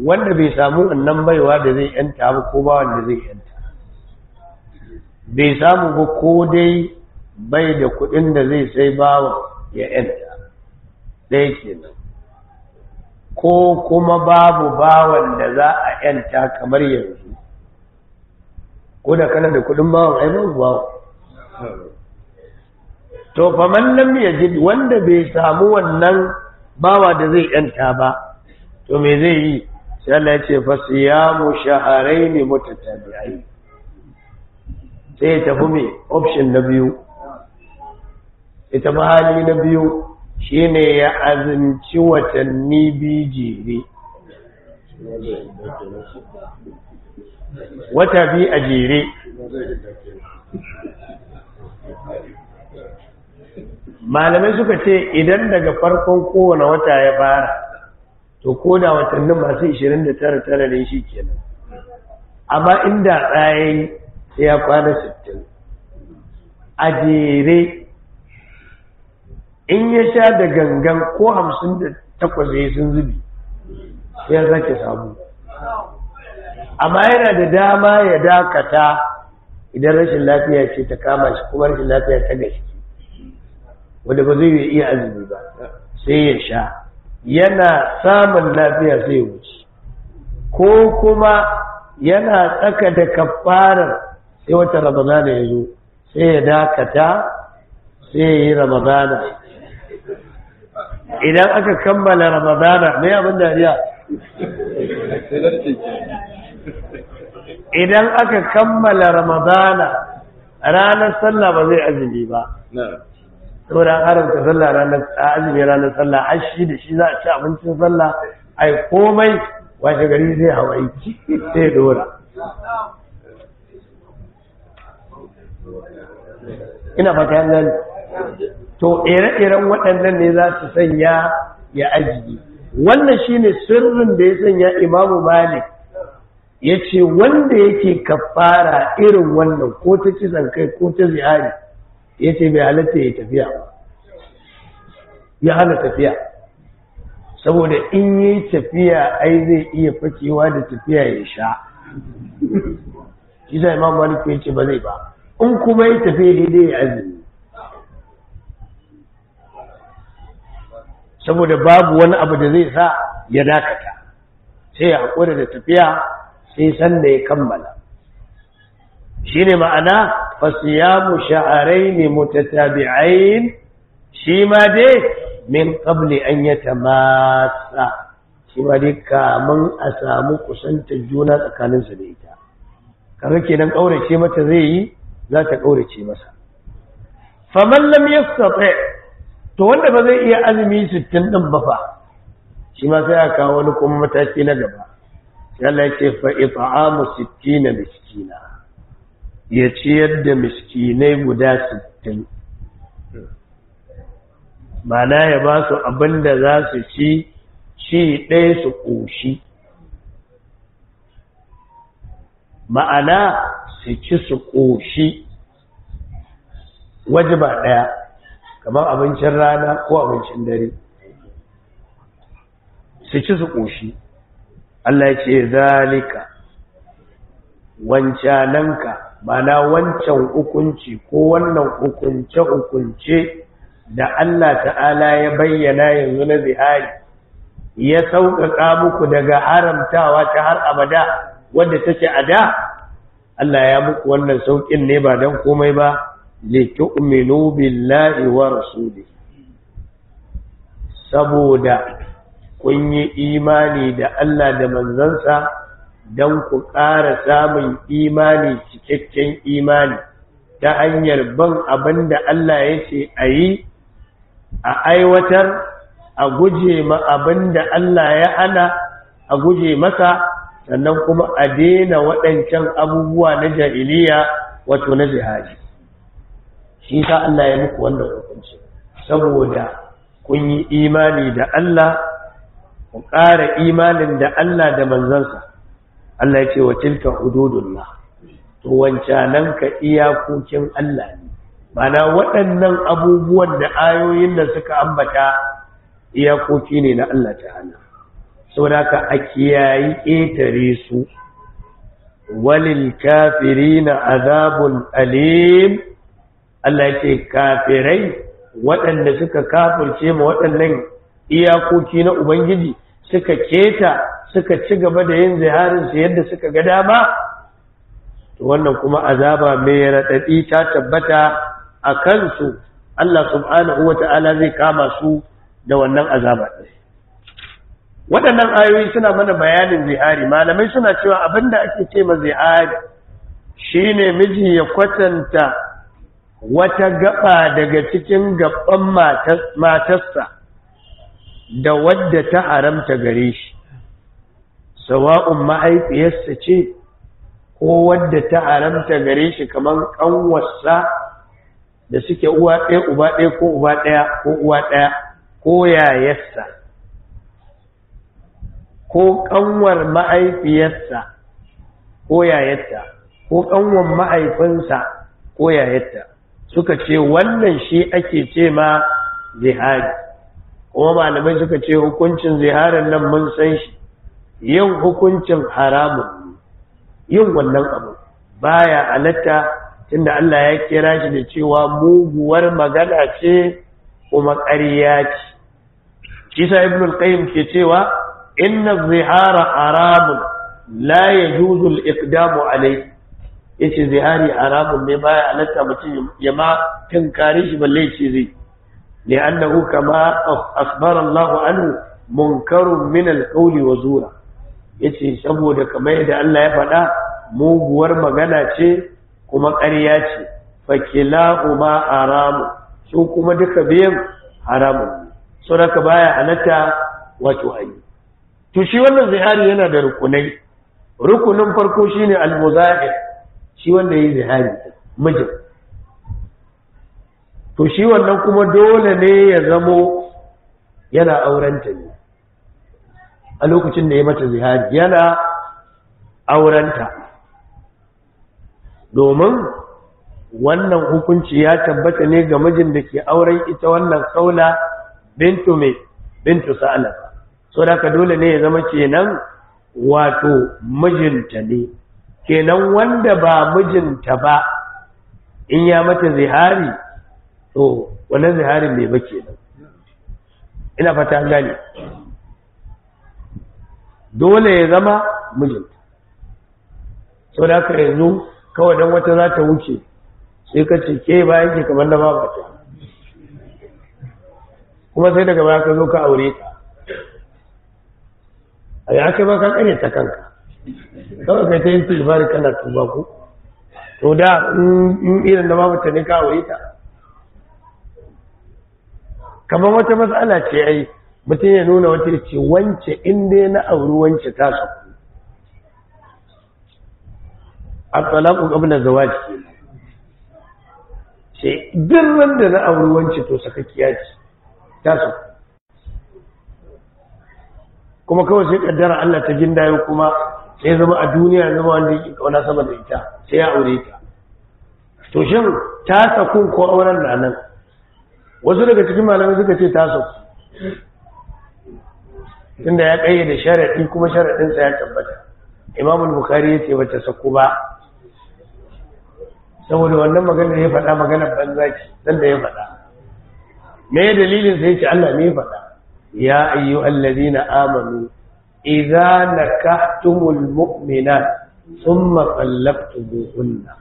A: wanda bai samu annan baiwa da zai yanta ba ko ba wanda zai yanta bai samu ba ko dai bai da kuɗin da zai sai bawa ya yanta ɗaya kenan ko kuma babu bawan da za a yanta kamar yanzu ko da kana da kudin bawan ai babu bawo. to fa man lam yajid wanda bai samu wannan bawa da zai yanta ba to me zai yi sai Allah ya ce fa siyamu shahrayn mutatabi'ain sai ta tafi option na biyu ita mahali na biyu shine ya azumci watanni biyu jere
C: wata biyu a jere
A: malamai suka ce idan daga farkon kowane wata ya fara to ko da watannin masu 29 tara ne shi kenan amma inda tsayayi ya kwana 60 a jere in ya sha da gangan ko hamsin da takwas ya sun zubi ya sake samu amma yana da dama ya dakata idan rashin lafiya ce ta kama shi kuma rashin lafiya ta gaske wadda ba zai iya azumi ba sai ya sha yana samun lafiya sai ya wuce ko kuma yana tsaka da kafarar sai wata ramadana ya zo sai ya dakata sai ya yi ramadana idan aka kammala ramadana mai abin dariya idan aka kammala ramadana ranar sallah ba zai azumi ba saboda an haramta sallah ranar azumi ranar sallah an shi da shi za a ci abincin sallah ai komai washe gari zai hawaii sai dora ina fata yan gani to ire-iren waɗannan ne za su sanya ya ajiye wannan shine sirrin da ya sanya imamu malik ya ce wanda yake kafara irin wannan ko ta kisan kai ko ta zihari ya ce bai halatta ya tafiya ya hana tafiya saboda in yi tafiya ai zai iya fakewa da tafiya ya sha shi zai imam malik ya ce ba zai ba in kuma ya tafiya daidai ya azumi saboda babu wani abu da zai sa ya dakata sai ya haƙura da tafiya sai sanda ya kammala shi ne ma'ana fasiyamu sha'arai ne mutatabi'ain shi ma dai min ƙabli an yatamassa shi ma dai kaman a samu kusantar juna tsakaninsa da ita kamar kenan ƙaurace mata zai yi za ta ƙaurace masa faman lam yastati' to wanda ba zai iya azumi sittin ɗin ba fa shi ma sai a kawo wani kuma mataki na gaba sai Allah ya ce fa it'amu sittina miskina ya ci yadda miskinai guda sittin mana ya ba su abin da za su ci ci ɗaya su ƙoshi ma'ana su ci su ƙoshi wajiba ɗaya kamar abincin rana ko abincin dare su ci su ƙoshi Allah ya ce zalika wancananka na wancan hukunci ko wannan hukunce-hukunce da Allah ta'ala ya bayyana yanzu na zihari ya sauƙaƙa muku daga haramtawa ta har abada wadda take a da Allah ya muku wannan sauƙin ne ba don komai ba litu'minu billahi wa rasuli saboda kun yi imani da Allah da manzansa don ku ƙara samun imani cikakken imani ta hanyar ban abin da Allah ya ce a yi a aiwatar a guje ma abin da Allah ya ana a guje masa sannan kuma a daina waɗancan abubuwa na jahiliya wato na jihadi shi sa Allah ya muku wannan hukunci saboda kun yi imani da Allah ku ƙara imanin da Allah da manzansa Allah ya ce wa tilka hududullah to nan ka iyakokin Allah ne mana waɗannan abubuwan da ayoyin da suka ambata iyakoki ne na Allah ta'ala saboda ka a kiyayi ƙetare su walil kafirina azabun alim Allah ya ce kafirai waɗanda suka kafirce ma waɗannan iyakoki na Ubangiji suka keta suka ci gaba da yin su yadda suka ga dama wannan kuma azaba mai raɗaɗi ta tabbata a kansu Allah subhanahu wa ta'ala zai kama su da wannan azaba waɗannan ayoyi suna mana bayanin zihari malamai suna cewa abinda ake ce ma zihari shine miji ya kwatanta wata gaba daga cikin gaban matarsa da wadda ta haramta gare shi sawa'un mahaifiyarsa ce ko wadda ta haramta gare shi kamar ƙanwarsa da suke uwa ɗaya uba ɗaya ko uba ɗaya ko uwa ɗaya ko yayarsa ko ƙanwar mahaifiyarsa ko yayarta ko ƙanwar mahaifinsa ko yayarta suka ce wannan shi ake ce ma zihari kuma malamai suka ce hukuncin ziharin nan mun san shi yin hukuncin haramun yin wannan abu baya alatta tunda Allah ya kira shi da cewa muguwar magana ce kuma ƙarya ce kisa ibn al-qayyim ke cewa inna zihara haramun la yajuzu al-iqdamu alayhi ya ce zihari haramun ne baya alatta mutum ya ma tunkari shi balle ce zai ne annahu kama asbar Allah anhu munkarun min alqawli wa zura yace saboda kamar yadda Allah ya faɗa muguwar magana ce kuma ƙarya ce fakilahu uba haramu su kuma duka biyan haramun so da baya alatta wato ayi to shi wannan zihari yana da rukunai rukunin farko shine al-muzahir shi wanda yi zihari mijin to shi wannan kuma dole ne ya zamo yana aurenta ne a lokacin da ya mata zihari yana aurenta domin wannan hukunci ya tabbata ne ga mijin da ke auren ita wannan kaula bintu mai bintu sa'ala so da ka dole ne ya zama kenan wato mijinta ne kenan wanda ba mijinta ba in ya mata zihari to wannan ziharin bai ba kenan ina fata an dole ya zama mijinta sau da aka yanzu kawai dan wata za ta wuce sai ka ce ke bayan ke kamar na babata kuma sai daga baya ka zo ka aure ta a yi aka ba ka kare ta kanka kawai kai ta yin tilbari kana tuba ku to da in irin da babu ta ne ka aure ta kamar wata matsala ce ai mutum ya nuna wata ya ce wance inda na auri wance ta saku a tsalaƙun ƙabilar zawa ce duk wanda na auri wance to kiya ce ta saku kuma kawai sai ƙaddara Allah ta dayo kuma sai zama a duniya zama wanda yake kauna sama da ita sai ya aure ta to shin ta saku ko auren na nan wasu daga cikin malamai suka ce ta saku tunda ya da sharaɗi kuma sa ya tabbata imamul bukari ya ce bata saku ba saboda wannan magana ya faɗa magana banza ce dan da ya faɗa me dalilin sai ya ce Allah ne ya faɗa ya ayyuhallazina amanu idza nakahtumul mu'minat thumma qallabtumuhunna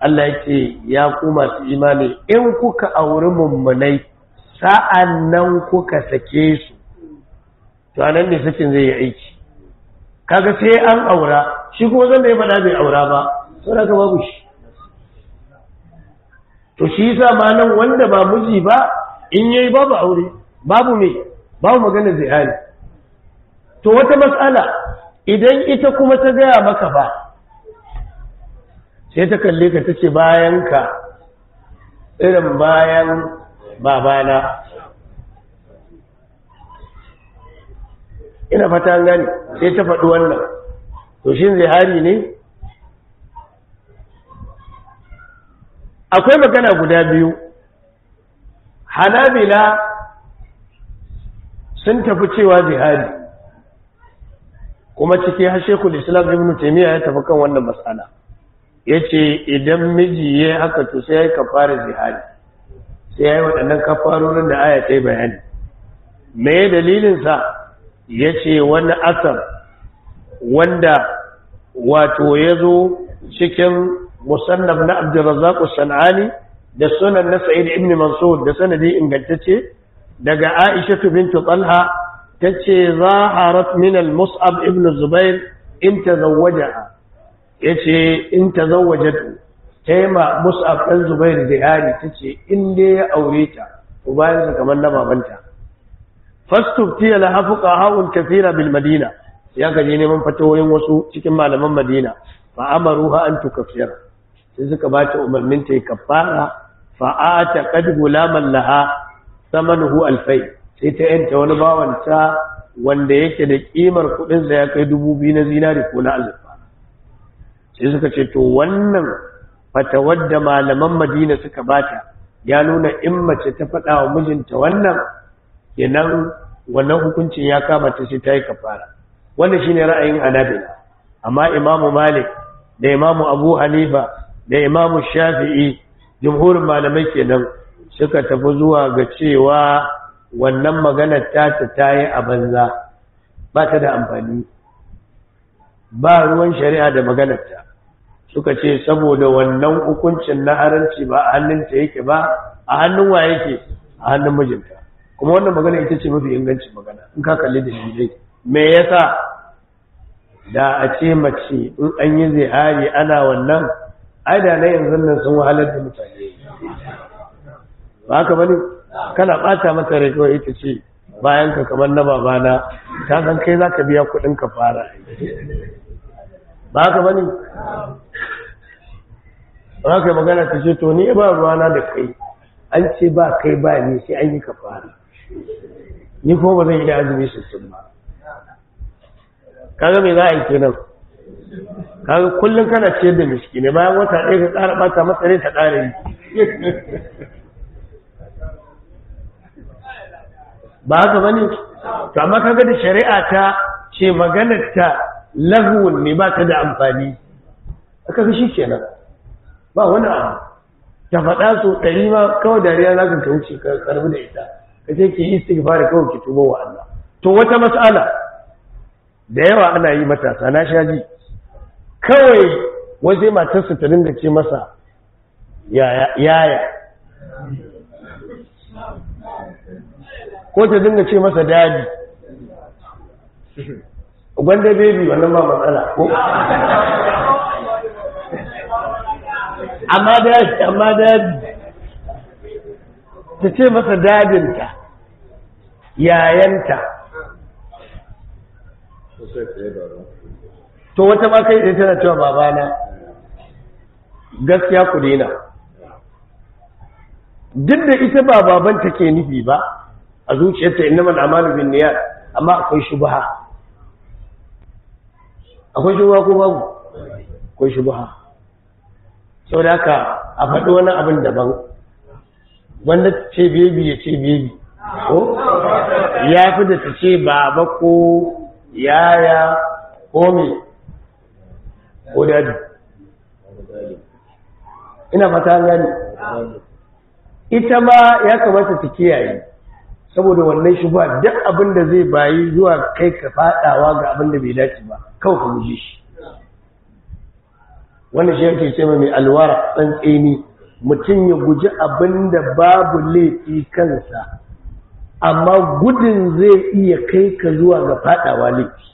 A: Allah yace ya ku masu imani in kuka auri mummunai sa'an nan kuka sake su to nan ne sakin zai yi aiki kaga sai an aura shi kuma zan da ya faɗa bai aura ba to da babu shi to shi yasa ma nan wanda ba miji ba in yayi babu aure babu me babu magana zai to wata matsala idan ita kuma ta gaya maka ba sai ta kalle ka ta ce bayan ka irin bayan babana ina fata gani sai ta faɗi wannan to shi zai hari ne akwai magana guda biyu hanabila sun tafi cewa hari kuma ciki har shekul islam ibn taimiyya ya tafi kan wannan matsala ya ce idan miji ya yi haka to sai ya yi kafara zihari sai ya yi waɗannan kafarorin da aya ta yi bayani me dalilinsa ya ce wani asar wanda wato ya zo cikin musannaf na abdurrazzaq sanani da sunan na sa'id ibn mansur da sanadi ingantacce daga aisha bintu talha ce za a al-mus'ab ibn zubair in Ya ce in tazawwajatu taima mus'ab dan zubair zihari tace in dai ya aure ta ubayansa kamar na babanta fastuftiya laha fuqaha'un kathira bil madina ya gaje neman fatawoyin wasu cikin malaman madina fa amaruha an sai suka bata umarnin ta yi kafara fa ta qad gulaman laha samanuhu alfai sai ta yanta wani bawanta wanda yake da kimar kudin da ya kai dubu biyu na zinari ko na azurfa sai suka ce to wannan fata wadda malaman madina suka bata ya nuna in mace ta faɗa wa mijinta wannan kenan wannan hukuncin ya kama ta sai ta yi kafara wanda shine ra'ayin anabila amma imamu malik da imamu abu hanifa da imamu shafi'i jumhurin malamai kenan suka tafi zuwa ga cewa wannan maganar tata ta yi a banza ba ta da amfani ba ruwan shari'a da maganarta suka ce saboda wannan hukuncin na haranci ba a hannunta yake ba a hannun wa yake a hannun mijinta kuma wannan magana ita ce mafi inganci magana in ka kalli da shi me yasa da a ce mace in an yi zihari ana wannan ai da na yanzu nan sun wahalar da mutane ba haka bane kana bata mata rajo ita ce bayan ka kamar na babana ta san kai za ka biya kuɗin ka fara ba ka bani ba ka magana ta ce to ni ba ruwana da kai an ce ba kai ba ni sai an yi ka fara ni ko ba zan yi azumi sun ba kaga me za a yi kenan kaga kullum kana ciyar da miski ne bayan wata ɗaya ka ƙara ɓata masa rai ta ƙare yi [LAUGHS] ba haka ba ne to amma kaga da shari'a ta ce maganar ta lahuwun ne ba ta da amfani aka fi shi kenan ba wani abu ta faɗa su ɗari ma kawai dariya za ka wuce ka karbi da ita ka ce ki istighfar kawai ki tuba wa Allah to wata matsala, da yawa ana yi matasa na sha ji kawai waje matarsa ta dinga ce masa yaya ko ta dinga ce masa dadi gwanda bebi wannan ba matsala ko
C: amma dadi amma dadi
A: ta ce masa dadinta yayanta to wata ma kai da tana cewa babana gaskiya ku dina duk da ita ba babanta ke nufi ba a zuciyarta innamal amalu bin niyyat amma akwai shubha akwai shubha ko babu akwai shubha da haka a faɗi wani abin daban wanda ce bebi ya ce bebi ko ya fi da ta ce baba ko yaya ko me ko dadi ina fata gani ita ma ya kamata ta kiyaye saboda wannan ba duk abin da zai bayi zuwa kai ka fadawa ga abin da bai dace ba kawai ka guje shi wannan shi yake ce mai alwara tsantsini mutum ya guji abin da babu laifi kansa amma gudun zai iya kai ka zuwa ga fadawa laifi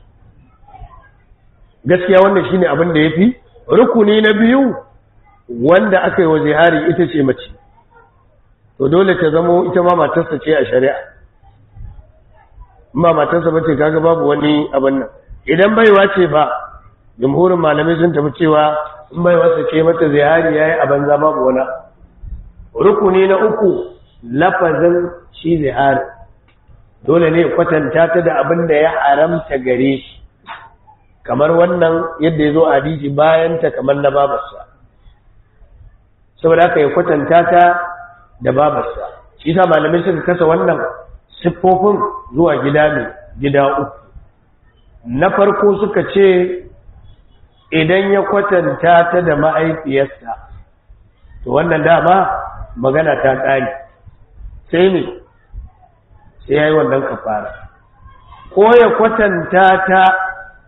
A: gaskiya wannan shine abin da yafi rukuni na biyu wanda aka yi wa zihari ita ce mace to dole ta zama ita ma matarsa ce a shari'a ba matarsa ba ce kaga babu wani abin nan idan baiwa ce ba jamhurin malamai sun tafi cewa in baiwa ce mata ziyari yayi a banza babu wani rukuni na uku lafazin shi ziyari dole ne kwatanta ta da abin da ya haramta gare shi kamar wannan yadda ya zo a diji bayanta kamar na babarsa saboda aka yi kwatanta ta da babarsa shi sa malamai suka kasa wannan siffofin zuwa gida ne gida uku na farko suka ce idan ya kwatanta ta da ma'aikiyarsa to wannan dama magana ta ƙari sai ne sai ya yi wannan kafara ko ya kwatanta ta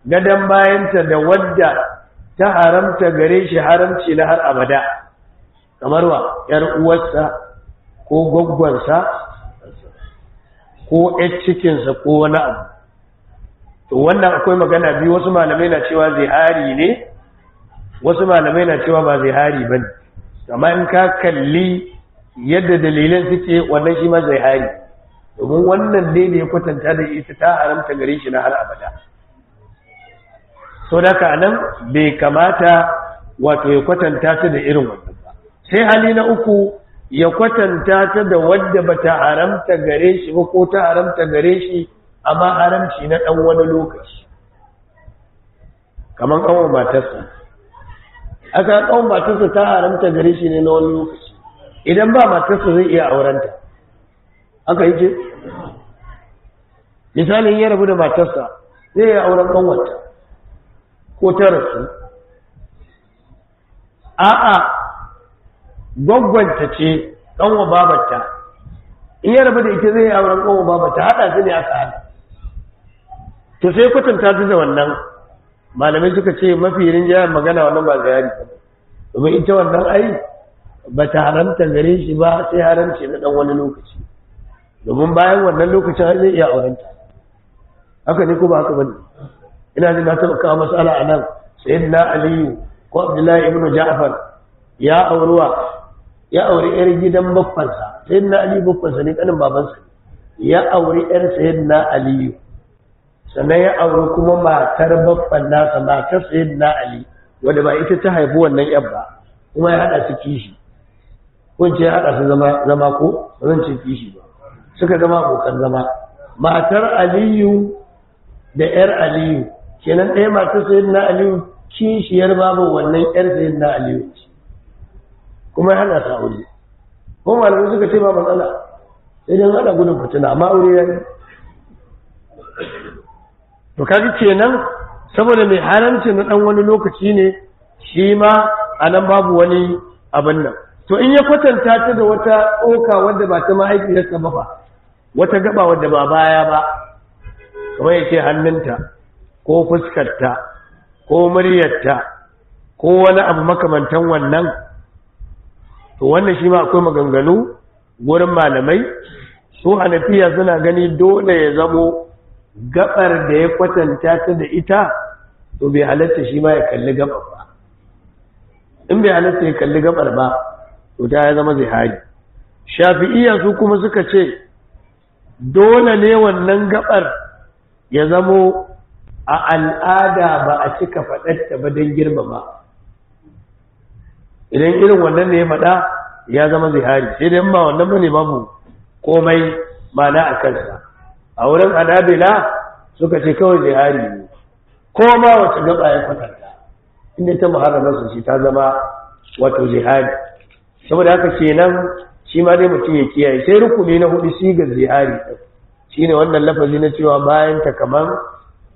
A: gadon bayanta da wadda ta haramta gare shi haramci na har abada kamar wa ‘yar uwarsa ko gwaggwansa ko ƴar cikinsa ko wani abu to wannan akwai magana biyu wasu malamai na cewa zihari ne wasu malamai na cewa ba zihari ba ne amma in ka kalli yadda dalilan suke wannan shi ma zihari domin wannan ne ne ya kwatanta da ita ta haramta gare shi na har abada sau da ka nan bai kamata wato ya kwatanta su da irin wannan ba sai hali na uku ya kwatanta ta da wadda ba ta haramta gare shi ba ko ta haramta gare shi amma haramci na ɗan wani lokaci kamar ƙawon matarsa aka ƙawon matarsa ta haramta gare shi ne na wani lokaci idan ba matarsa zai iya aurenta aka yi ce misalin ya rabu da matarsa zai iya auren ƙanwata ko ta rasu a'a gwaggwanta ce ƙanwa babata in ya rabu da ita zai auren ƙanwa babata haɗa su ne aka haɗa to sai kwatanta ta da wannan malamai suka ce mafi jiya magana wannan ba zai yari. domin ita wannan ai ba ta haramta gare shi ba sai haramci na ɗan wani lokaci domin bayan wannan lokacin zai iya aurenta haka ne ko ba haka bane ina jin na taɓa kawo masala a nan sayyidina aliyu ko abdullahi Ibnu ja'far ya auruwa ya aure yar gidan baffansa na ali baffansa ne kanin babansa ya aure yar na ali sannan ya aure kuma matar baffan nasa matar na ali wanda ba ita ta haifu wannan yar ba kuma ya hada su kishi kun ce ya hada su zama zama ko zan ce kishi ba suka zama abokan zama matar aliyu da yar aliyu kenan ɗaya matar na aliyu kishiyar babu wannan yar sayyidina aliyu ce kuma ya hana ta aure ko malamai suka ce ba matsala idan hada gudun fitina amma aure ya yi to kaji kenan saboda mai haramci na dan wani lokaci ne shi ma a nan babu wani abin nan to in ya kwatanta ta da wata oka wadda ba ta mahaifiyarsa ba fa wata gaba wadda ba baya ba kamar ya ce hannunta ko fuskarta ko muryarta ko wani abu makamantan wannan to wannan shi ma akwai maganganu wurin malamai su hanafiya suna gani dole ya zamo gabar da ya kwatanta ta da ita to bai halatta shi ma ya kalli gabar ba in bai halatta ya kalli gabar ba to ta ya zama zai hari shafi'iya su kuma suka ce dole ne wannan gabar ya zamo a al'ada ba a cika faɗatta ba don girmama idan irin wannan ne ya faɗa ya zama zihari sai dai ba wannan bane babu komai mana a kansa a wurin adabila suka ce kawai zihari ne ko ma wacce gaba ya kwatanta inda ta muharrama su ta zama wato zihari saboda haka kenan shi ma dai mutum ya kiyaye sai rukuni na hudu shi ga zihari shine wannan lafazi na cewa bayan ta kaman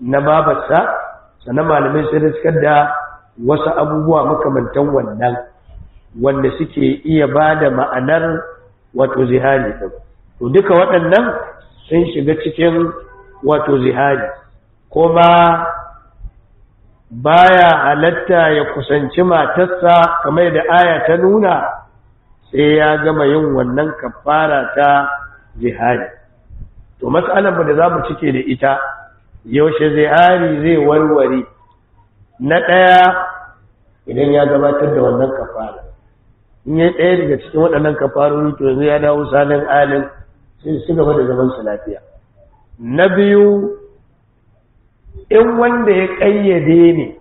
A: na babarsa sannan malamai sai da da wasu abubuwa makamantan wannan wanda suke iya ba da ma'anar wato zihari to duka waɗannan sun shiga cikin wato zihari kuma baya halatta ya kusanci matarsa kamar da aya ta nuna sai ya gama yin wannan kafara ta zihari to matsalar da za mu cike da ita yaushe zihari zai warware na ɗaya idan ya gabatar da wannan kafara in ya ɗaya daga cikin waɗannan kafarori to yanzu ya dawo sanin alin sai su gaba da zaman su lafiya na biyu in wanda ya ƙayyade ne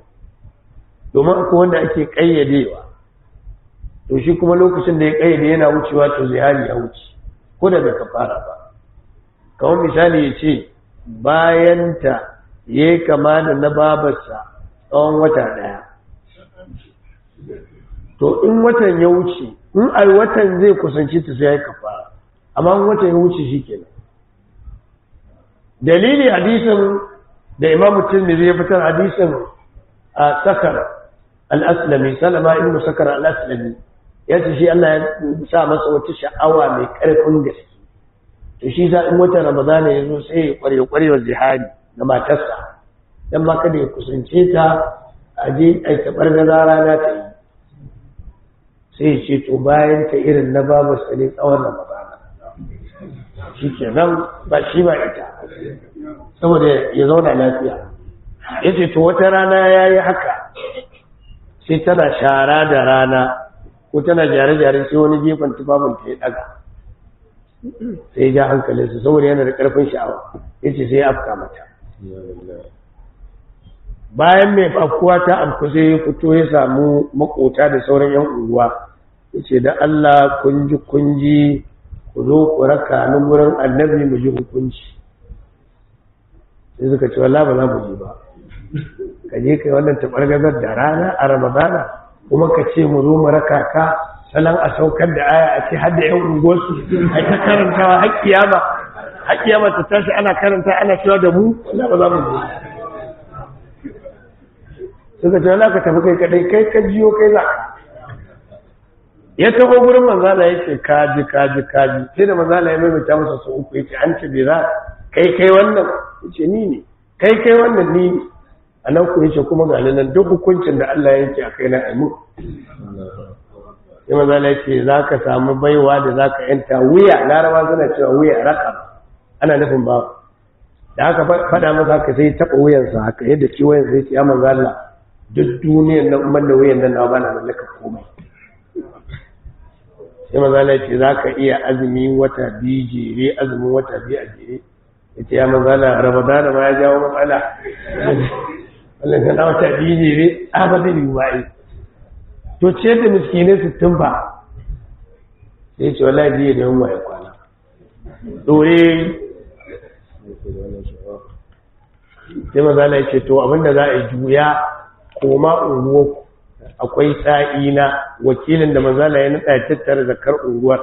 A: domin akwai wanda ake ƙayyadewa to shi kuma lokacin da ya ƙayyade yana wucewa to hali ya wuce ko da bai kafara ba kamar misali ya ce bayanta ya yi kama da na babarsa tsawon wata ɗaya to in watan ya wuce in a watan zai kusanci ta sai ya kafara amma in watan ya wuce shi kenan dalili hadisin da imam Mutum ne zai fitar hadisin a sakar al'aslami salama ibn sakar alaslami ya ce shi Allah ya sa masa wata sha'awa mai karfin gaske to shi za in watan ramadana ya zo sai ya kware kwarewar jihadi ga matarsa dan ma kada ya kusance ta a a tabar da rana ta yi sai ce to bayan ta irin na babu sani tsawon ba shi ke nan ba shi ba ita saboda ya zauna lafiya ya ce to wata rana ya yi haka sai tana shara da rana ko tana jare-jare sai wani gefen tufafin ta ya daga sai ja hankalinsa saboda yana da karfin sha'awa ya ce sai ya afka mata bayan mai afkuwa ta afku sai ya fito ya samu makota da sauran yan unguwa yace da Allah kun ji kun ji ku zo ku raka ni wurin annabi mu ji hukunci sai suka ce wallahi ba za mu ji ba ka je kai wannan tabargazar da rana a ramadana kuma ka ce mu zo mu raka ka salan a saukar da aya a ce har da yan unguwarsu a ta karantawa har kiyama har kiyama ta tashi ana karanta ana cewa da mu wallahi ba za mu ji suka ce wallahi ka tafi kai kadai kai ka jiyo kai za ka ya taho gurin manzala ya ce kaji kaji kaji sai da manzala ya maimaita masa su uku ya ce an ce bira kai kai wannan ya ce ni ne kai kai wannan ni ne a nan ku yace kuma ga nan duk hukuncin da Allah ya yanke a kai na aimu sai manzala ya ce za ka samu baiwa da za ka yanta wuya larawa suna cewa wuya raka ana nufin ba da aka faɗa masa haka sai taɓa wuyansa haka yadda ciwon sai ya ce ya manzala duk duniyar nan umar da wuyan nan na ba na mallaka komai sai manzala ce za ka iya azumi wata biyu jere azumin wata biyu a jere ya ce ya manzala ramadana ma ya jawo matsala wannan kana wata biyu jere a ba zai yiwu ba'i to ce da miskinai tun ba sai ce wala biyu da yamma ya kwana dore sai manzala ya ce to abinda za a yi juya koma unguwarku akwai sa'ina wakilin da manzala ya nada ya tattara zakar unguwar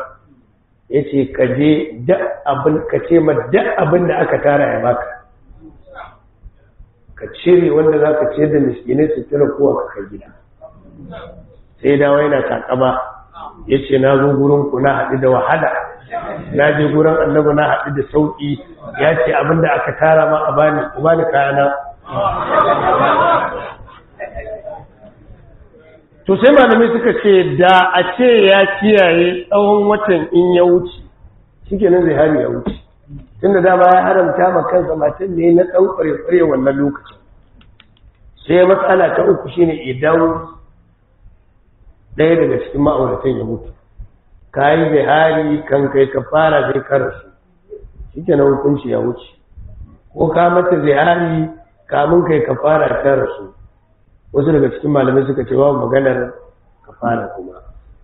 A: ya ce ka je ka ce ma duk abin da aka tara ya baka ka cire wanda za ka ce da miskinai su tira kowa ka kai gida sai dawa yana kakaba ya ce na zo gurinku na haɗu da wahala na je gurin annabu na haɗu da sauƙi ya ce abinda aka tara ma a bani kayana to sai malamai suka ce da a ce ya kiyaye tsawon watan in ya wuce shikenan zai hari ya wuce tunda dama ya haramta ma kansa matan ne na tsawon kware wannan lokacin sai matsala ta uku shine idan ɗaya daga cikin ma'auratan ya mutu ka yi hari kan kai ka fara zai karasu shi ke hukunci ya wuce ko ka mata zai hari kamun kai ka fara karasu wasu daga cikin malamai suka ce babu maganar kafara kuma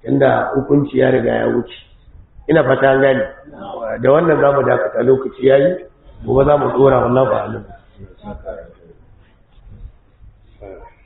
A: inda hukunci ya riga ya wuce ina fata an gani da wannan za mu dakata lokaci yayi gobe zamu dora wallahi ba
C: alim